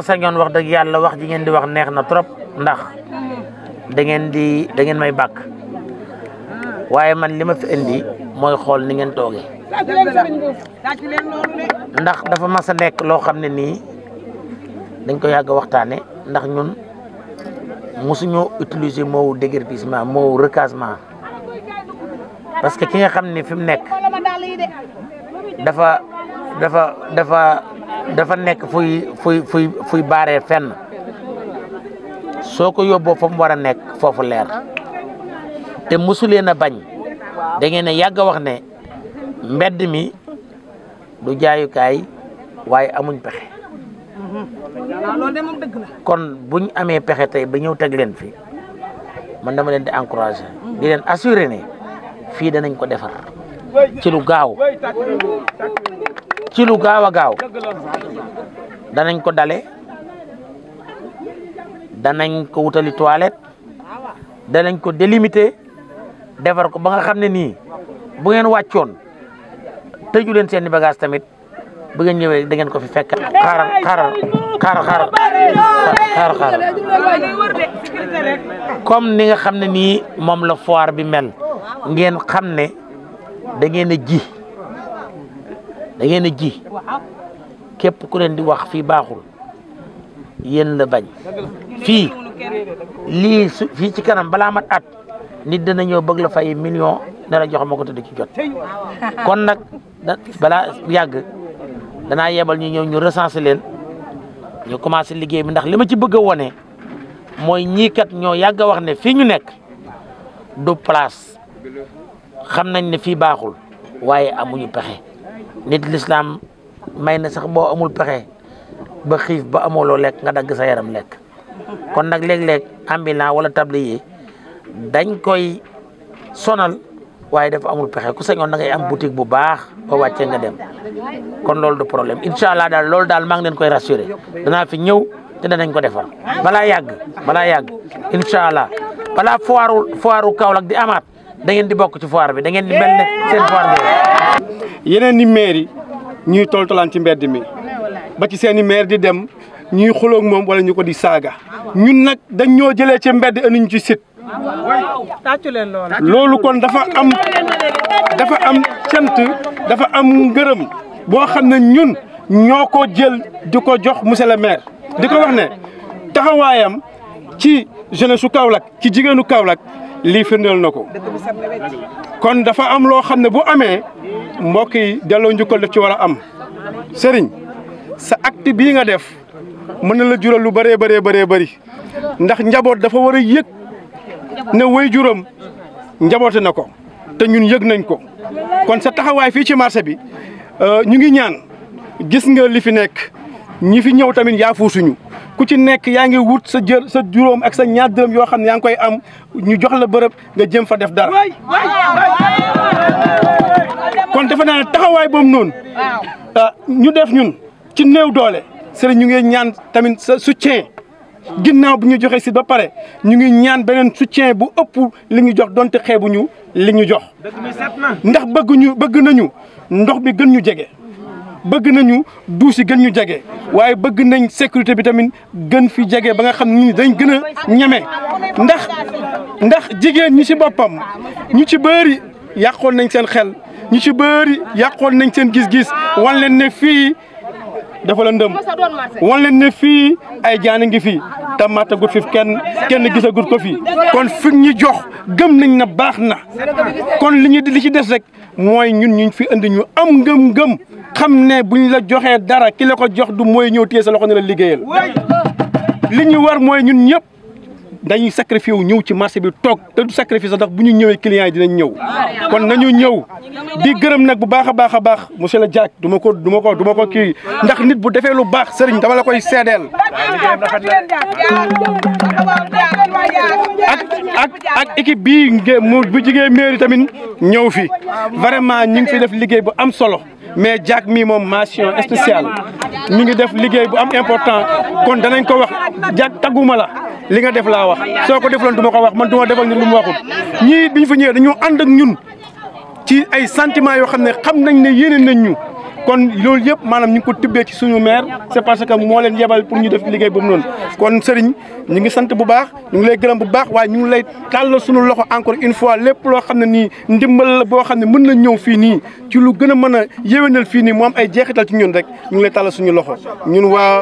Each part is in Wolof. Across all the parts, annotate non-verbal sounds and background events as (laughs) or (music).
ma sañoon wax deug yalla wax ji ngeen di wax neex na trop ndax da ngeen di da ngeen may bak waye man lima fi indi moy xol ni ngeen toge ndax dafa mas nek lo xamne ni dañ ko yag waxtane ndax ñun mosuñoo utiliser mo dégervissement mo recasement parce que ki nga xamne fim nek dafa dafa dafa dafa nekk fuy fuy fuy fuy baaree fenn soo ko yóbboo fa mu war a nekk foofu leer te mosuleen a bañ dangeen a yàgg a wax ne mbedd mi du jaayukaay waaye amuñ pexe kon buñ amee pexe tey ba ñëw teg leen fi man dama leen di encourager di leen assurer ne fii danañ ko defar ci lu gaaw ci lu gaaw a gaaw danañ ko dale danañ ko wutali toilette danañ ko délimiter defar ko ba nga xam ne nii bu ngeen wàccoon tëju leen seeni bagage tamit bu ngeen ñëwee dangeen ko fi fekk xaaral xaaral comme ni nga xam ne nii moom la foire bi mel ngeen xam ne da ngeen a ji dangeen a ji képp ku leen di wax fii baaxul yéen la bañ fii lii su fii ci kanam balaa mat at nit dana ñëw bëgg la fay million ne jox ma ko tëdd ci kon nag balaa yàgg danaa yebal ñu ñëw ñu recensé leen ñu commencé liggéey bi ndax li ma ci bëgg wone mooy ñii kat ñoo yàgg wax ne fii ñu nekk du place xam nañ ne fii baaxul waaye amuñu pexe nit lislaam may na sax boo amul pexe ba xiif ba amuloo loo lekk nga dagg sa yaram lekk kon nag léeg-léeg ambulant wala table tablier dañ koy sonal waaye dafa amul pexe ku sañoon da ngay am boutique bu baax ba wàccee nga dem kon loolu du problème incha allah daal loolu daal maa ngi leen koy rassuré danaa fi ñëw te danañ ko defar balaa yàgg balaa yàgg incha allah balaa foiru foiru di amaat da ngeen di bokk ci foire bi da ngeen di mel ne seen foire bi. yeneen ni maire yi ñuy toltolaan ci mbedd mi ba ci seen i maire di dem ñuy xuloog moom wala ñu ko di saaga ñun nag dañ ñoo jëlee ci mbedd andi ñu ci sit tàccu leen loolu. loolu kon dafa am dafa am cant dafa am ngërëm boo xam ne ñun ñoo ko jël di ko jox monsieur le maire. di ko wax ne taxawaayam ci jeunesse su Kaolack ci jigéenu kawlak lii firndeel na ko kon dafa am loo xam ne bu amee mbokki yi delloo njukkal ci war a am sëriñ sa acte bii nga def mën na la jural lu bëree bëree bëree bëri ndax njaboot dafa war a yëg ne way juram njaboote na ko te ñun yëg nañ ko kon sa taxawaay fii ci marché bi euh, ñu ngi ñaan gis nga li fi nekk ñi fi ñëw tamit yaa fuusuñu ku ci nekk yaa ngi wut sa jël sa juróom ak sa ñaar dërëm yoo xam ne yaa ngi koy am ñu jox la bërëb nga jëm fa def dara kon defe naa taxawaay boobu noonu ah, ñu def ñun ci néew doole sëriñ ñu ngi ñaan tamit sa soutien ginnaaw bu ñu joxe si ba pare ñu ngi ñaan beneen soutien bu ëpp li ñu jox donte xeebuñu li ñu jox ndax bëgg bëgg nañu ndox mi gën ñu jege bëgg nañu douche yi gën ñu jege waaye bëgg nañ sécurité bi tamit gën fi jege ba nga xam ni dañ gën a ñeme ndax ndax jigéen ñu ci boppam ñu ci bëri yàqoon nañ seen xel ñu ci bëri yàqoon nañ seen gis-gis wan leen ne fii dafa la ndëm wan leen ne fii ay jaana ngi fi te mattagut fi kenn kenn gisagut ko fi kon fi ñu jox gëm nañ na baax na kon li ñu li ci des rek mooy ñun ñu fi indi ñu am ngëm-ngëm. xam ne bu ñu la joxee dara ki la ko jox du mooy ñëw téye sa loxo ne la li ñu war mooy ñun ñëpp dañuy sacrifié wu ñëw ci marché bi toog te du sacrifice ndax bu ñu ñëwee clients yi dinañ ñëw kon nañu ñëw di gërëm nag bu baax a baax a baax monsieur le Diack du ma ko du ma ko du ma ko kii ndax nit bu defee lu baax sëriñ dama la koy seedeel ak ak ak équipe bii mu bu jigéen mairie tamit ñëw fi vraiment ñu ngi fi def liggéey bu am solo mais Diack mi mom mention spéciale mi ngi def liguey bu am important kon danañ ko wax Diack tagguma la li nga def la wax soko ko defaloon du ko wax man du ma defal nit lu mu waxul ñi bi ñu fa ñëwee dañoo ànd ak ñun ci ay sentiments yo xamne xam nañ ne yéene nañ ñu. kon loolu yëpp maanaam ñu ko tibbee ci suñu maire c'est parce que moo leen yebal pour ñu def liggéey boobu noonu kon sëriñ ñu ngi sant bu baax ñu ngi lay gërëm bu baax waaye ñu ngi lay tàllal suñu loxo encore une fois lépp loo xam ne nii ndimbal la boo xam ne mën na ñëw fii nii ci lu gën a mën a yéwénal fii nii moom ay jeexital ci ñun rek ñu ngi lay tàllal suñu loxo ñun waa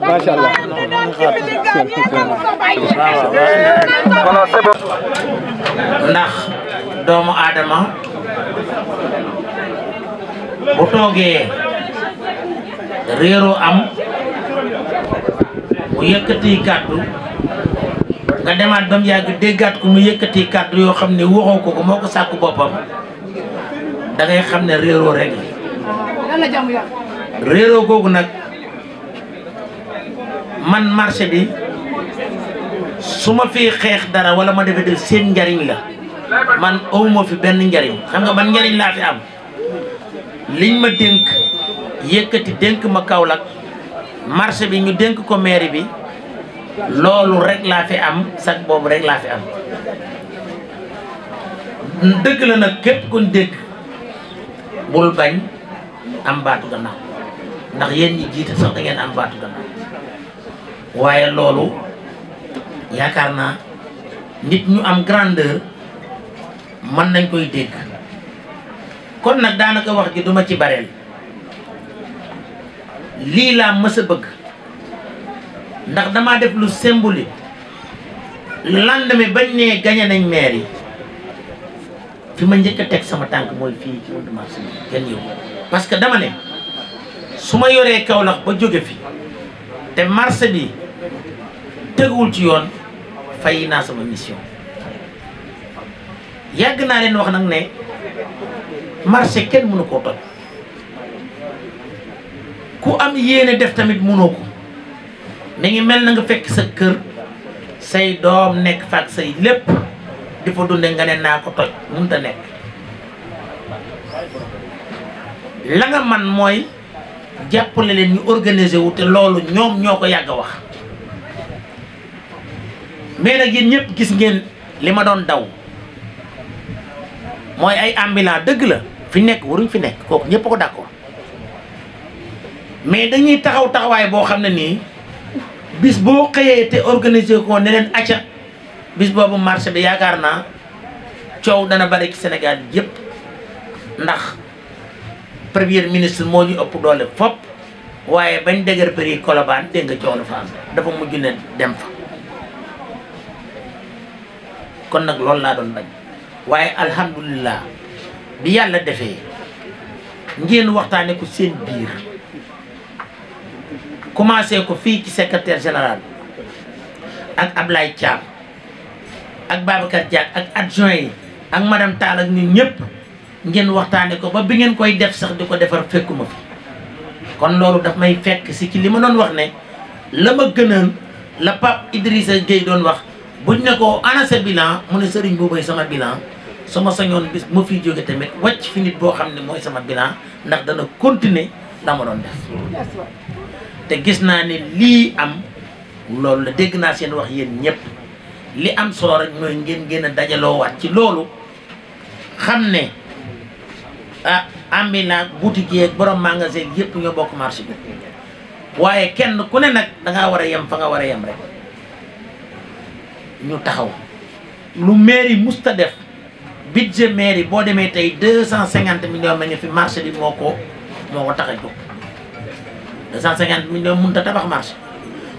macha allah ndax doomu aadama bu rero am mu yekati kaddu nga demat bam yag degat déggaat ko mu yekati kaddu yo xamne ne ko ko moko sakku bopam da ngay xamne ne rek rero gogu ya. nak man marché bi suma fi xex dara wala ma defe def njariñ la man awuma fi ben njariñ xam nga ban njariñ la fi am liñ ma dénk yékkati dénk ma Kaolack marché bi ñu dénk ko mairie bi loolu rek laa fi am sax boobu rek laa fi am dëgg la nag képp kon dégg bul bañ am baatu gannaaw ndax yéen ñi jiite sax da ngeen am baatu gannaaw waaye loolu yaakaar naa nit ñu am grandeur mën nañ koy dégg kon nag daanaka wax ji duma ci bareel lii laa mës bëgg ndax damaa def lu symbolique lendemain bañ nee gañe nañ maire yi fi ma njëkk a teg sama tànk mooy fii ci wàllu marché parce que dama ne su ma yoree kawlax ba jóge fi te marché bi teguwul ci yoon fay naa sama mission yàgg naa leen wax nag ne. marché kenn mënu koo toj ku am yéene def tamit mënoo ko mi ngi mel na nga fekk sa kër say doom nekk faak say lépp di fa dunde nga ne naa ko toj mënut a nekk la nga man mooy jàppale leen ñu organiser wu te loolu ñoom ñoo ko yàgg wax mais nag yéen ñëpp gis ngeen li ma doon daw mooy ay ambulant dëgg la fi nekk waruñ fi nekk kooku ñëpp ko d'accord mais dañuy taxaw taxawaay boo xam ne nii bis boo xëyee te organiser ko ne leen bis boobu marché bi yaakaar naa coow dana bari ci Sénégal yëpp ndax premier ministre moo ñu ëpp doole fopp waaye bañ dëgër përi Colobane dégg nga coow la fa am dafa mujj ne dem fa kon nag loolu laa doon bañ waaye alhamdulillah bi yàlla defee ngeen waxtaane ko seen biir commencé ko fii ci secretaire général ak Ablaye Thiam ak Babacar Diack ak adjoint yi ak madame Tall ak ñun ñëpp ngeen waxtaane ko ba bi ngeen koy def sax di ko defar fekkuma fi kon loolu daf may fekk si ci li ma doon wax ne la ma gënoon la Pape Idrissa géej doon wax buñ ne ko ana sa bilan mu ne sëriñ boobay sama bilan suma sañoon bis ma fi jóge tamit wàcc fi nit boo xam ne mooy sama bilan ndax dana continuer la ma doon def te gis naa ne lii am loolu la dégg naa seen wax yéen ñëpp li am solo rek mooy ngeen gën dajaloo dajaloowaat ci loolu xam ne a ah ambulant boutique yeeg borom magasin yëpp ñoo bokk marché bi waaye kenn ku ne nag dangaa war a yem fa nga war a yem rek ñu taxaw lu mairie musta def budget mairie bo demee tay 250 millions mañu fi marché di moko moko taxé ko 250 millions mën ta tabax marché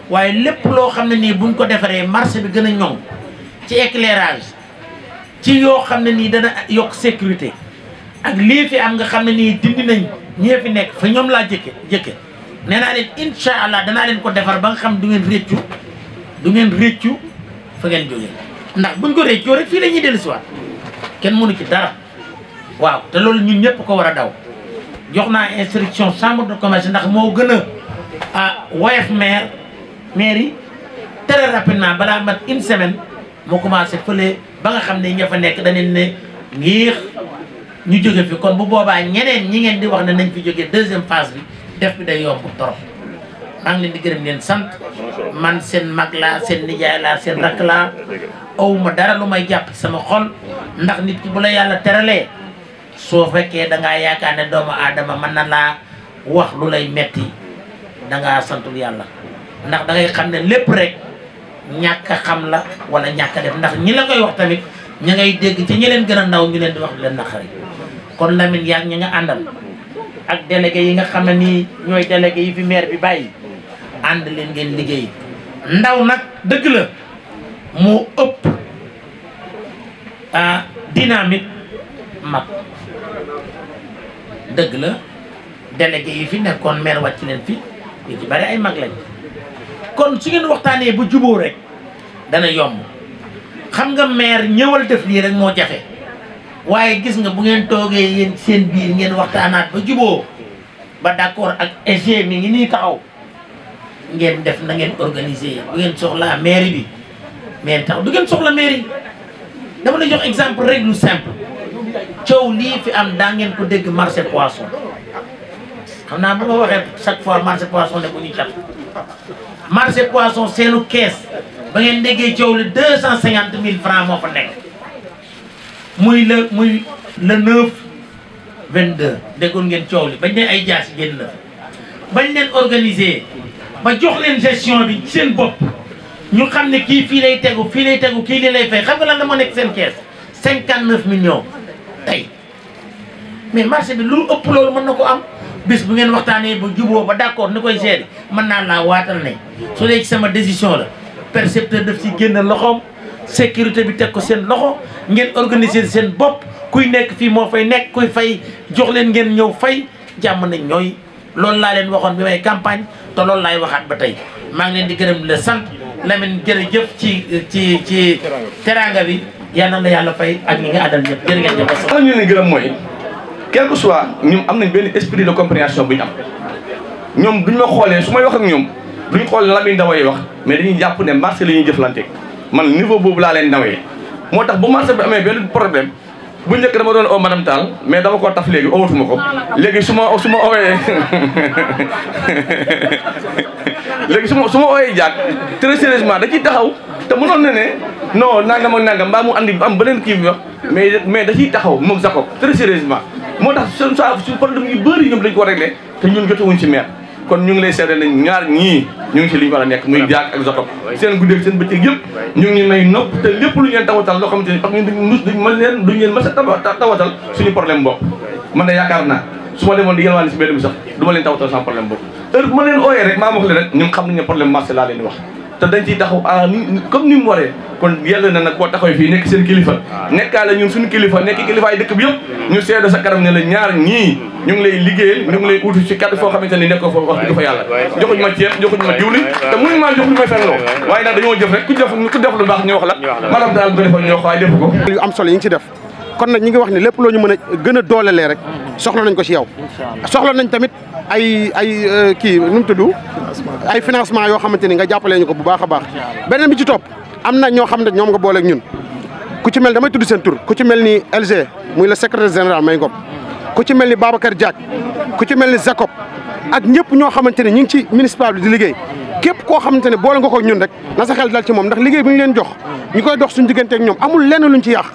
waye lepp lo xamné ni buñ ko défaré marché bi gëna ñong ci éclairage ci yo xamné ni dana yok sécurité ak li fi am nga xamné ni nii dindi nañ ñi fi nek fa ñom la jëkke jëkke néna len inshallah dana len ko défar ba nga xam du ngeen réccu du ngeen réccu fa ngeen jógee ndax buñ ko réccu rek fi lañuy la ci dellusiwaat kenn mënu ci dara waaw te loolu ñu ñëpp ko war a daw jox naa instruction chambre de commerce ndax moo gën a ah woyof maire maire yi très rapidement balaa mat une semaine mu commencé fële ba nga xam ne ña fa nekk dañu ne ngir ñu jóge fi kon bu boobaa ñeneen ñi ngeen di wax ne nañ fi jógee deuxième phase bi def bi day yomb trop maa ngi leen di gërëm leen sant man seen mag laa seen nijaay laa seen rakk laa Oh, dara lu may japp sama xol ndax nit ki bu la yàlla so soo da nga yaakaar ne doomu adama man na laa wax lu lay metti nga santul yalla ndax da ngay ne lepp rek ñàkk xam la wala ñàkk def ndax ñi la koy wax tamit ña ngay dégg ci ñi leen ndaw ñu leen di wax leen naxari kon Lamine yaak ñi nga andal ak délégué yi nga xamné ni ñoy délégué yi fi maire bi bayyi and leen ngeen liggéey ndaw nak deug la moo ëpp ah dynamique mag dëgg la délégué yi fi nekkoon maire wàcc leen fi ñu ci bari ay mag lañ kon su ngeen waxtaanee bu juboo rek dana yomb xam nga maire ñëwal def lii rek moo jafe waaye gis nga bu ngeen toogee yéen seen biir ngeen waxtaanaat ba juboo ba d'accord ak EG mi ngi nii taxaw ngeen def na ngeen organiser bu ngeen soxlaa maire bi maire tax du ngeen soxla maire yi dama la jox exemple rek lu simple coow lii fi am daa ngeen ko dégg marché poisson xam naa bu ma waxee chaque fois marché poisson ne bu ñu cat marché poisson seenu kees ba ngeen déggee coow li deux cent cinquante mille francs moo fa nekk muy le muy le neuf vingt déggoon ngeen coow li bañ ne ay jaas génn la bañ leen organiser ba jox leen gestion bi seen bopp ñu xam ne kii fii lay tegu fii lay tegu kii lii lay fay xam nga lan la moo nekk seen kees cinquante neuf millions tey mais marché bi lu ëpp loolu mën na ko am bis bu ngeen waxtaanee ba juboo ba d'accord ni koy gérer mën naa laa waatal ne su dee ci sama décision la percepteur daf ci génn loxoom sécurité bi teg ko seen loxo ngeen organiser seen bopp kuy nekk fii moo fay nekk kuy fay jox leen ngeen ñëw fay jàmm nañ ñooy loolu laa leen waxoon bi may campagne te loolu laay waxaat ba tey maa di gërëm sant Lamine jërëjëf ci ci ci teraanga bi yal na la yàlla fay ak ñi nga àndal ñëpp jërë ngeen jëf. waaw ñu leen gërëm mooy quel que soit ñoom am nañ benn esprit de compréhension bu ñu am ñoom ñu ma xoolee su may wax ñoom ñoom ñu xool Lamine damay wax mais dañuy jàpp ne marché la ñuy jëflante man niveau boobu laa leen nawee moo tax bu marché bi amee benn problème. bu njëkk dama doon oo madame Tall mais dama koo taf léegi owatuma ko léegi su ma su ma ooyee (laughs) léegi su ma su ma ooyee jaag très sérieusement da taxaw te mënoon na ne non nangam ak nangam mbaa mu andi am beneen kii bi wax mais mais da taxaw moom Jacob très sérieusement moo tax seen saa su problème yu bëri ñoom dañ ko réglé te ñun jotewuñ ci maire kon ñu ngi lay seedal ñaar ñii ñu ngi ci li ñu a nekk muy jaag ak zotop seen guddeeg seen bëccëg yëpp ñu ngi may nopp te lépp lu ngeen tawatal loo xamante ni parce que ñun mën a tawatal suñu problème bopp man ne su ma demoon di yelwaan si mbedd mi sax du ma leen tawatal sama problème bopp heure bu ma leen ooyee rek maa wax leen rek ñu xam nañ ne problème marché laa leen wax te dañ ciy taxaw ah ni comme ni mu waree kon yàlla na nag boo taxawee fii nekk seen kilifa nekkaa la ñun suñu kilifa nekk ñu ngi lay liggéeyal ñu ngi lay utu ci kàddu foo xamante ni nekk ko foofu wax dëgg fa yàlla joxuñu ma ceeb joxuñu ma diwlin te mënuñu maa joxuñu ma fenn loo waaye nag dañoo jëf rek ku def ku def lu baax ñu wax la maanaam daal nga defal ñu wax waaye def ko yu am solo yi ngi ci def kon nag ñi ngi wax ne lépp loo ñu mën a gën a doolelee rek soxla nañ ko ci yow soxla nañ tamit ay ay euh, kii nu mu tudd ay financement yoo xamante ni nga jàppalee ñu ko bu baax a baax beneen bi ci topp am na ñoo xam ne ñoom nga booleeg ñun ku ci mel damay tudd seen tur ku ci mel ni LG muy le secrétaire général May Ngom ku ci mel ni Babacar Diack ku ci mel ni Jacob ak ñëpp ñoo xamante ne ñu ngi ci municipal bi di liggéey képp koo xamante ne boole nga ko ñun rek na sa xel dal ci moom ndax liggéey bi ñu leen jox ñu koy dox suñu diggante ak ñoom amul lenn luñ ci yàq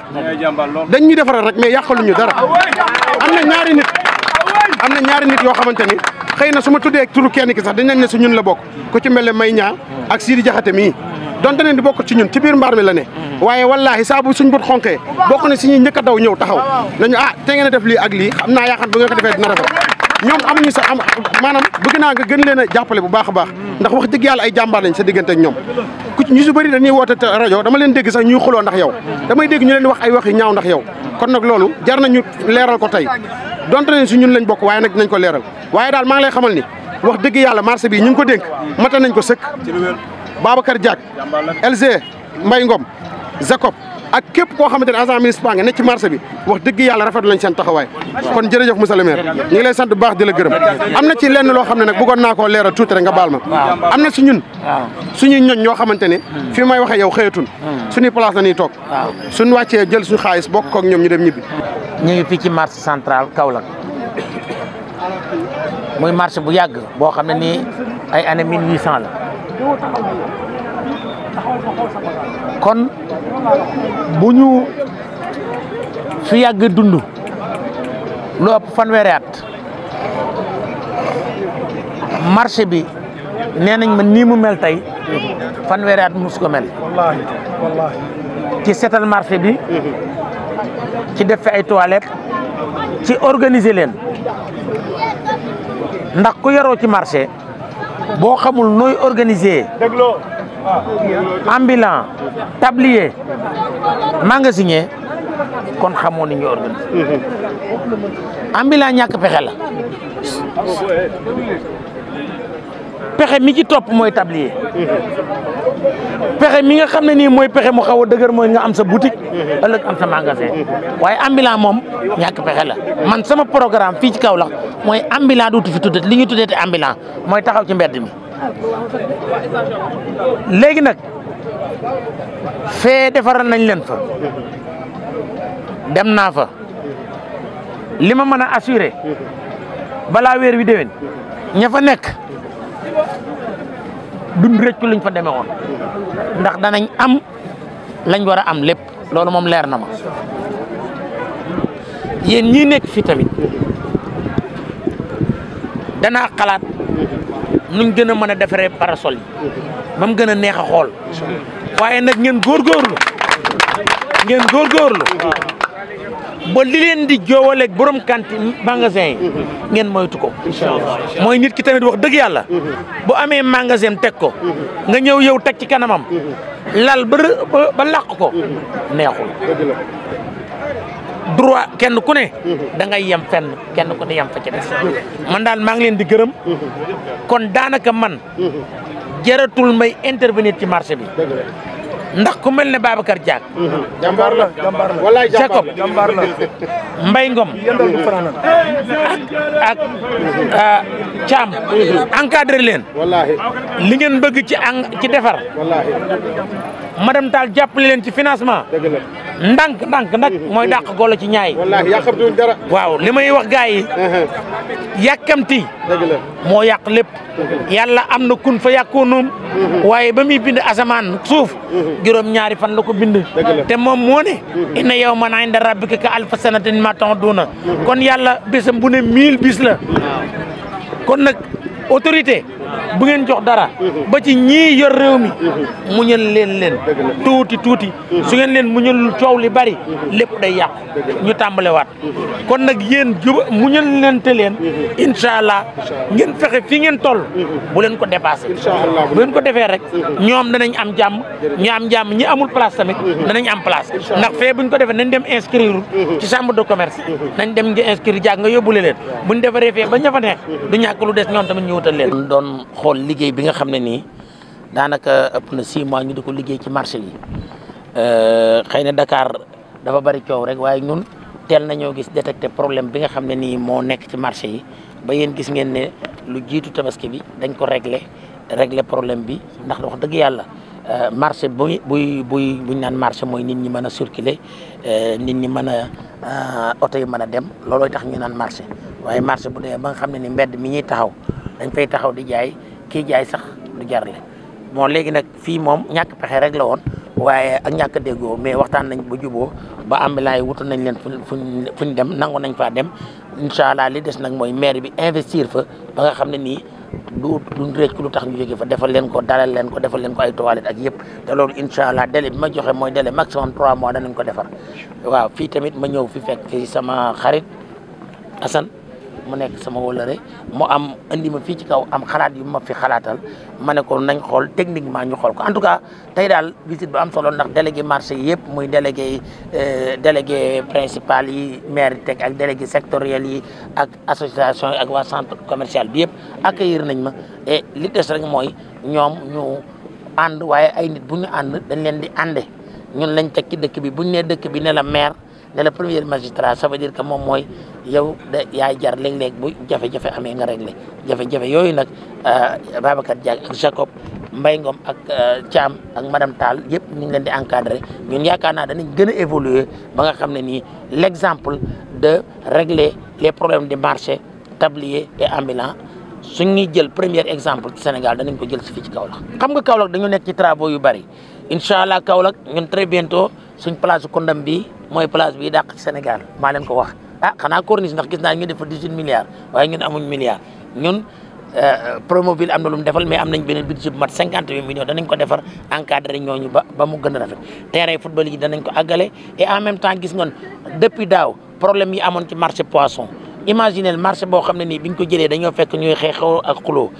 dañ ñu defaral rek mais yàqaluñu dara am na ñaari nit am na ñaari nit yoo xamante ni xëy na su ma tuddee turu kenn ki sax dañ nañ ne su ñun la bokk ku ci mel ne may ñaa ak Sidi Jaxate mii donte ne di bokk ci ñun ci biir mbaar mi la ne mm. waaye wallaahi saa bu suñ bët xonkee bokk na si ñuy njëkk ñëw taxaw nañu ah te ngeen def lii ak lii xam naa yaakaar bu nga ko defee dina am maanaam bëgg naa nga gën leen jàppale bu baax a baax mm. ndax wax dëgg yàlla ay jàmbaar lañ sa diggante ak ñoom ku ñu su rajo dama leen dégg sax ñuy xuloo ndax yow damay dégg ñu leen wax ay wax yu ñaaw ndax yow kon nag loolu jar nañu leeral ko tey donte ne si ñun lañ bokk waaye nag dinañ ko leeral waaye daal maa ngi lay xamal ni wax dëgg yàlla marché bi ñu ngi ko dénk mata nañ ko sëkk Babacar Diack LG Mbaye ngoom Jacob ak képp koo xamante ne agent municipal nga nekk ci marché bi wax dëgg yàlla rafetlu nañ seen taxawaay kon jërëjëf monsieur le maire ñu ngi lay sant baax di la gërëm am na ci lenn loo xam ne nag bëggoon naa koo leeral tuuti rek nga baal ma am na si ñun suñu ñoñ ñoo xamante ne fi may waxee yow xëyatun hmm. suñu place la ñuy toog suñu wàccee jël suñu xaalis bokk ak ñoom ñu dem ñibbi ñu ngi fii ci marché central Kaolack muy marché bu yàgg boo xam ne nii ay année mille huit la kon buñu fi yag dundu lo ëpp fanweeri at marché bi nenañ nañ ma nii mu mel tey fanweeri at mus ko mel wallahi wallahi ci sétal marché bi ci def fi ay toilettes ci organiser len ndax ku yaro ci marché boo xamul nooy organiser ambulant tablier magasinier kon xamoo ni ñu organiser mhm. ambulant ñàkk pexe la pexe mi ci topp mooy tablier mhm. pexe mi nga xam ne nii mooy pexe mu xaw a dëgër mooy nga am sa boutique ëllëg am sa magasin waaye ambilan moom ñàkk pexe la man sama programme fii ci Kaolack mooy ambulant dootu fi tuddati li ñu tuddee te ambulant mooy taxaw ci mbedd mi léegi nag fee defaral nañ leen fa dem naa fa li ma mën a assuré balaa weer wi déwén ña fa nekk duñ rëccu liñ fa demee woon ndax danañ am lañ war a am lépp loolu moom leer na ma yéen ñii nekk fii tamit danaa xalaat nuñ gën a mën a defaree parasol yi ba mu gën a neex a xool waaye nag ngeen góor góorgóorlu ngeen góorgóorlu ba li leen di joowaleeg borom kanti magasin yi mm-hmm. ngeen moytu ko mooy nit ki tamit wax dëgg yàlla mm-hmm. bu amee magasin teg ko mm-hmm. nga ñëw yow teg ci kanamam lal ba ba làq ko neexul droit kenn ku ne da ngay yem fenn kenn ku ne yem fa ci des man daal maa ngi leen di gërëm kon daanaka man jaratul may intervenir ci marché bi ndax ku mel ne Babacar Diack. Mhm. jàmbaar la jàmbaar la walaay Jacob jàmbaar la Mbaye Ngom. yëndal du ak ak mhm. ah, Thiam. Mhm. encadré leen. wallaahi li ngeen bëgg ci ci defar. madame Tall jàppale leen ci financement. ndànk ndànk nag mooy dàq golo ci ñaay. wallaahi yàqamtuwuñ dara. waaw li may wax gars yi. Uh-huh. yàkkamti. moo yàq lépp. yàlla am na kun fa yàkkoonum. Uh-huh. waaye ba muy bind asamaan suuf. Uh-huh. juróom ñaari fan la ko bind. te moom moo ne. inna yawman inda rabbika ka alfa sanatin mimma ta'udduna kon yàlla bésam bu ne mille bis la. kon nag autorité. bu ngeen jox dara mhm. ba ci ñii yor réew mi mu mhm. muñal leen leen tuuti tuuti mhm. su ngeen leen mu muñalul coow li bari lépp day yàqu ñu tàmbalewaat kon nag yéen juba muñal leen te leen incha allah ngeen fexe fi ngeen toll bu leen ko dépassé bu leen ko defee rek ñoom am jàmm ñu am jàmm ñi amul place tamit danañ am place ndax fee buñ ko defee nañ dem inscrire ci chambre de commerce nañ dem nga inscrire jàng nga yóbbule leen buñ defaree fee ba ña fa neex du ñàkk lu des ñoom tamit ñu wutal leen xool liggéey bi nga xam ne nii daanaka ëpp na six mois ñu di ko liggéey ci marché yi euh, xëy na Dakar dafa bari coow rek waaye ñun teel nañoo gis détecte problème bi nga xam ne nii moo nekk ci marché yi ba yéen gis ngeen ne lu jiitu tabaski bi dañ ko réglé réglé problème bi ndax wax dëgg yàlla euh, marché buy buy buy buñ naan marché mooy nit ñi mën a circuler euh, nit ñi mën a oto yi mën a dem loolooy tax ñu naan marché waaye marché bu dee ba nga xam ne ni mbedd mi ñuy taxaw dañ fay taxaw di jaay kii jaay sax du jarle bon léegi nag fii moom ñàkk pexe rek la woon waaye ak ñàkk a déggoo mais waxtaan nañ ba juboo ba ambulant yi wutal nañ leen fu ñu dem nangu nañ faa dem incha allah li des nag mooy maire bi investir fa ba nga xam ne nii du du rëcc lu tax ñu jóge fa defal leen ko dalal leen ko defal leen ko ay toilettes ak yëpp te loolu incha allah délai bi ma joxe mooy délai maximum 3 mois danañ ko defar waaw fii tamit ma ñëw fi fekk sama xarit Assane mu nekk sama rek mu am indi ma fii ci kaw am xalaat yu ma fi xalaatal ma nekkoon nañ xool techniquement ñu xool ko en tout cas tey daal visite bu am solo ndax délégué marché yëpp muy délégué euh, délégué principal yi maire teg ak délégué sectoriel yi ak association yi ak waa centre commercial bi yëpp accueillir nañ ma et li des rek mooy ñoom ñu ànd waaye ay nit bu ñu ànd dañ leen di ànde ñun lañ teg ci dëkk bi bu ñu nee dëkk bi ne la maire ne la premier magistrat ça veut que moom mooy yow da yaay jar leg leg bu jafé jafé amé nga réglé jafé jafé yoy nak euh Diagne jak Jacob mbay Ngom ak cham euh, ak madame tal yépp ñu ngi leen di encadrer ñun yaakaar dañu gëna évoluer ba nga xamné ni l'exemple de régler les problèmes de marché tablier et ambulant suñu jël premier exemple ci Sénégal dañu ko jël ci Kaolack xam nga Kaolack dañu nekk ci travaux yu bari inshallah allah Kaolack ñun très bientôt suñu place condam bi moy place bi dàq ci Sénégal ma leen ko wax ah xanaa corniche ndax gis naa ñu def fa dix huit milliards waaye ñun amuñ milliards ñun euh, Promoville am na lu mu defal mais am nañ beneen budget bu mat cinquante huit millions danañ ko defar encadré ñooñu ba ba mu gën a rafet terrain football yi danañ ko àggale et en même temps gis ngoon depuis daaw problème yi amoon ci marché poisson imaginez marché boo xam ne nii biñ ko jëlee dañoo fekk ñuy xeexoo a xuloo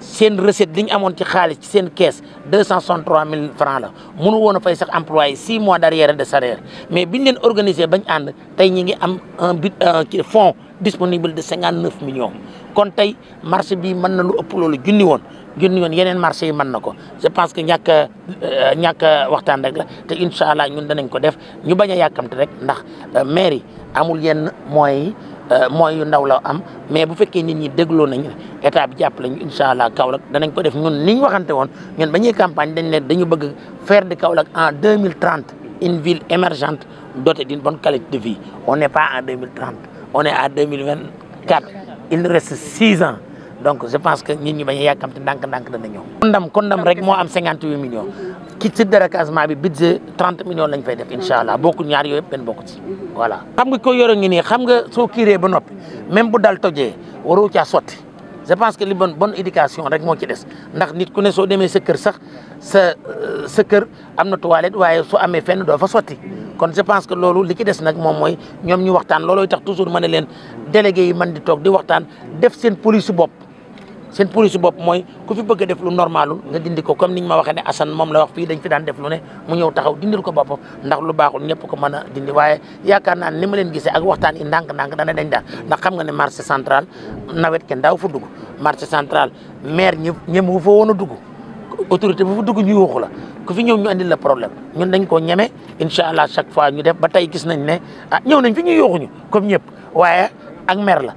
seen recette li ñu amoon ci xaalis ci seen caisse deux cent soixante-trois mille francs la mënu woon a fay sax employé six mois d'arrière de salaire mais bi ñu leen organisé bañ ànd tey ñi ngi am un but un euh, fonds disponible de cinquante-neuf millions kon tey marché bi mën na lu ëpp loolu junni woon junni woon yeneen marché yi mën na ko je parce que ñàkk a euh, ñàkk a waxtaan rek la te incha allah ñun danañ ko def ñu bañ a yàkkamte rek ndax euh, mairie amul yenn moyens yi Euh, mooy yu ndaw la am mais bu fekkee nit ñi dégloo nañ ne état bi jàpp lañu incha allah Kaolack danañ ko def ñun ni ñu waxante woon ñun ba ñuy campagne dañ ne dañu bëgg faire de Kaolack en deux mille trente une ville émergente dotée d'une bonne qualité de vie on n'est pas en deux mille trente on est à deux mille vingt quatre il nous reste six ans donc je pense que nit ñi bañ a yàkkamte ndànk-ndànk dana ñëw. kondam kondam rek moo am cinquante huit ci sidde recasement bi budget 30 millions lañ fay def inshallah bokku ñaar yoy ben bokku ci voilà xam nga ko yoro ngi ni xam nga so kiré ba noppi même bu dal tojee waroo caa soti je pense que li bon bonne éducation rek mo ci dess ndax nit ku ne so démé sa kër sax sa euh, sa kër am na toilette waaye su amé fenn do fa soti kon je pense que lolu li ci dess nak mom moy ñom ñu waxtaan lolu tax toujours mané len délégué yi man di tok di waxtaan def sen police bop seen police bopp mooy ku fi bëgg def lu normalul nga dindi ko comme niñ ma waxee ne Assane moom la wax fii dañ fi daan def lu ne mu ñëw taxaw dindil ko boppam ndax lu baaxul ñëpp ko mën a dindi waaye yaakaar naa ni ma leen gisee ak waxtaan yi ndànk-ndànk a dañ daal ndax xam nga ne marché central nawet kenn daaw fa dugg marché central maire ñëpp ñem wu fa woon a dugg autorité bu dugg ñu waxu la ku fi ñëw ñu andil la problème ñun dañ koo ñeme incha allah chaque fois ñu def ba tey gis nañ ne ah ñëw nañ fi ñu yooxuñu comme ñëpp waaye ak maire la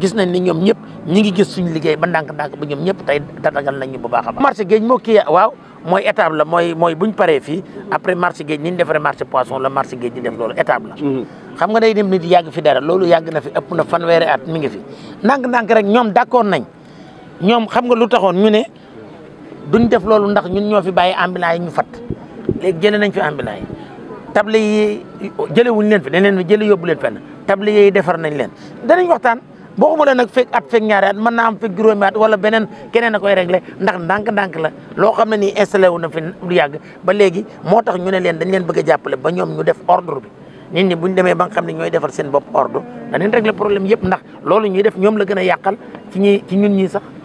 gis nañ ni ñoom ñëpp ñi ngi gis suñu liggéey ba ndànk-ndànk ba ñoom ñëpp tey tatagal nañ ñu bu baax a baax. marché géej moo kii waaw mooy étape la mooy buñ paree fii mm-hmm. après marché géej ni ñu defaree marché poisson la marché géej di def loolu étape la. Mm-hmm. xam nga day dem nit yàgg fi dara loolu yàgg na fi ëpp na fanweeri at mi ngi fi ndànk-ndànk rek ñoom d'accord nañ ñoom xam nga lu taxoon ñu ne duñ def loolu ndax ñun ñoo fi bàyyi ambulants yi ñu fat léegi nañ fi ambulants yi table yi jëlee wuñ leen fi dañ leen fi yóbbu leen fenn table yi defar nañ leen boo xamante nag fekk at fekk ñaari at mën naa am fekk juróomi at wala beneen keneen a koy réglé ndax ndànk-ndànk la loo xam ne nii installé wu na fi lu yàgg ba léegi moo tax ñu ne leen dañ leen bëgg a jàppale ba ñoom ñu def ordre bi nit bu ñu demee ba xam ne ñooy seen bopp ordre danañ réglé problème yëpp ndax loolu ñuy def ñoom la gën a yàqal ci ñi ci ñii sax